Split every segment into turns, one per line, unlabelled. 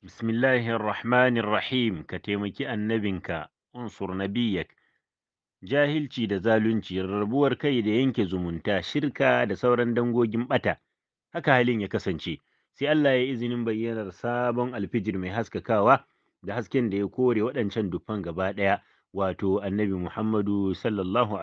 Bismillahirrahmanirrahim ka taimaki annabinka, unsur nabiyyak. Jahilci da zalunci, rabuwar kai da yanke zumunta, shirka da sauran dangogin ɓata, haka halin ya kasance, sai Allah ya izinin bayyanar sabon alfijir mai haskakawa da hasken da ya kore waɗancan dufan gaba ɗaya, wato annabi Muhammadu sallallahu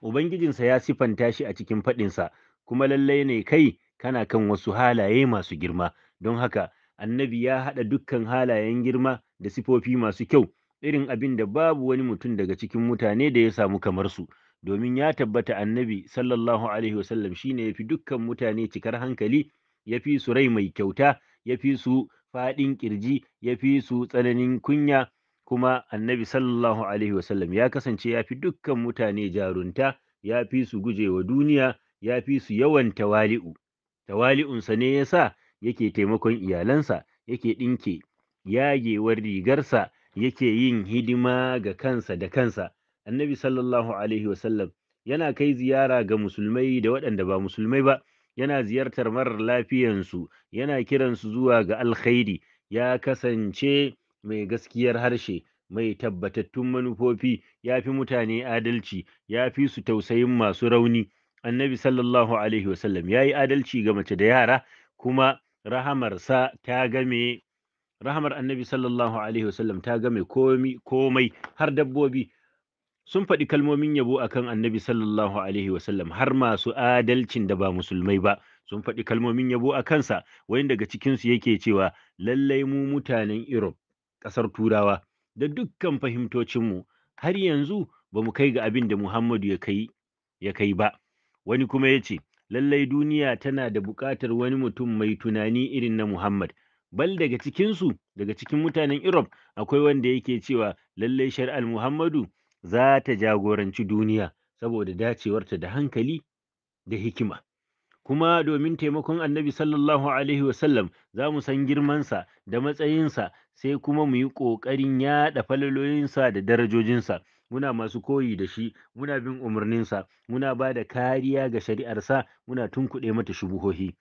Ubangijinsa ya sifanta shi a cikin faɗinsa, kuma lallai ne kai kana kan wasu halaye masu girma, don haka annabi ya haɗa dukkan halayen girma da sifofi masu kyau irin abin da babu wani mutum daga cikin mutane da ya samu kamar su domin ya tabbata annabi sallallahu alaihi wasallam shine yafi dukkan mutane cikar hankali yafi su rai mai kyauta yafi su faɗin kirji yafi su tsananin kunya kuma annabi sallallahu alaihi wasallam ya kasance yafi dukkan mutane jarunta yafi su gujewa duniya yafi su yawan tawali'u tawali'unsa ne ya sa. yake taimakon iyalansa yake ɗinke yagewar rigarsa yake yin hidima ga kansa da kansa annabi sallallahu alaihi wasallam yana kai ziyara ga musulmai da waɗanda ba musulmai ba yana ziyartar marar lafiyansu yana kiransu zuwa ga alkhairi ya kasance mai gaskiyar harshe mai tabbatattun manufofi ya fi mutane adalci ya fi su tausayin masu rauni annabi sallallahu alaihi wasallam ya yi adalci ga mace da yara kuma rahamarsa ta game rahamar annabi sallallahu alaihi wasallam ta game komai har dabbobi sun faɗi kalmomin yabo akan annabi sallallahu alaihi wasallam har masu adalcin da ba musulmai ba sun faɗi kalmomin yabo a kansa wani daga cikin su yake cewa lallai mu mutanen europe ƙasar turawa da dukkan fahimtocin mu har yanzu bamu kai ga abin da muhammadu ya kai ya kai ba wani kuma ya ce lallai duniya tana da buƙatar wani mutum mai tunani irin na Muhammad. Bal daga cikinsu, daga cikin mutanen Europe, akwai wanda yake cewa lallai shari'ar Muhammadu za ta jagoranci duniya saboda dacewarta da hankali da hikima. Kuma domin taimakon annabi sallallahu Alaihi wasallam za mu san girmansa da matsayinsa sai kuma mu yi ƙoƙarin yaɗa falalolinsa da darajojinsa. muna masu koyi da shi muna bin umarninsa muna ba da kariya ga shari'arsa muna tunkuɗe mata shubuhohi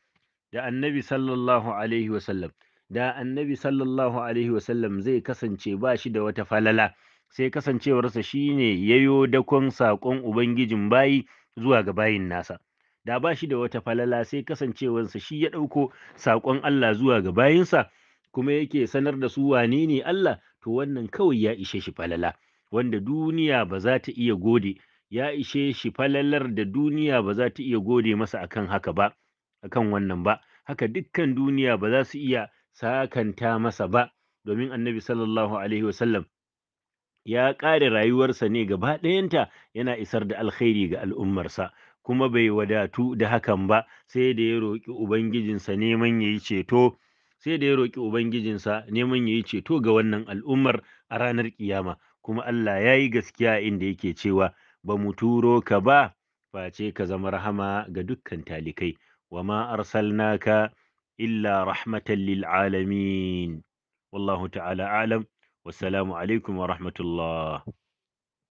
da annabi sallallahu alaihi wasallam da annabi sallallahu alaihi wasallam zai kasance ba shi da wata falala sai kasancewarsa shine yayo dakon sakon ubangijin bayi zuwa ga bayin nasa da ba shi da wata falala sai kasancewarsa shi ya ɗauko sakon Allah zuwa ga bayinsa kuma yake sanar da su wane ne Allah to wannan kawai ya ishe shi falala wanda duniya ba za ta iya gode ya ishe shi falalar da duniya ba za ta iya gode masa akan haka ba akan wannan ba haka dukkan duniya ba za su iya sakanta masa ba domin annabi sallallahu alaihi wasallam ya ƙare rayuwarsa ne gaba ɗayanta yana isar da alkhairi ga al'ummarsa kuma bai wadatu da hakan ba sai da ya roƙi ubangijinsa neman ya yi ceto sai da ya roƙi ubangijinsa neman ya yi ceto ga wannan al'ummar a ranar ƙiyama kuma Allah ya yi gaskiya inda yake cewa ba mu turo ka ba face ka zama rahama ga dukkan talikai wa ma arsalnaka illa rahmatan lil alamin wallahu ta'ala alam wassalamu alaikum wa rahmatullah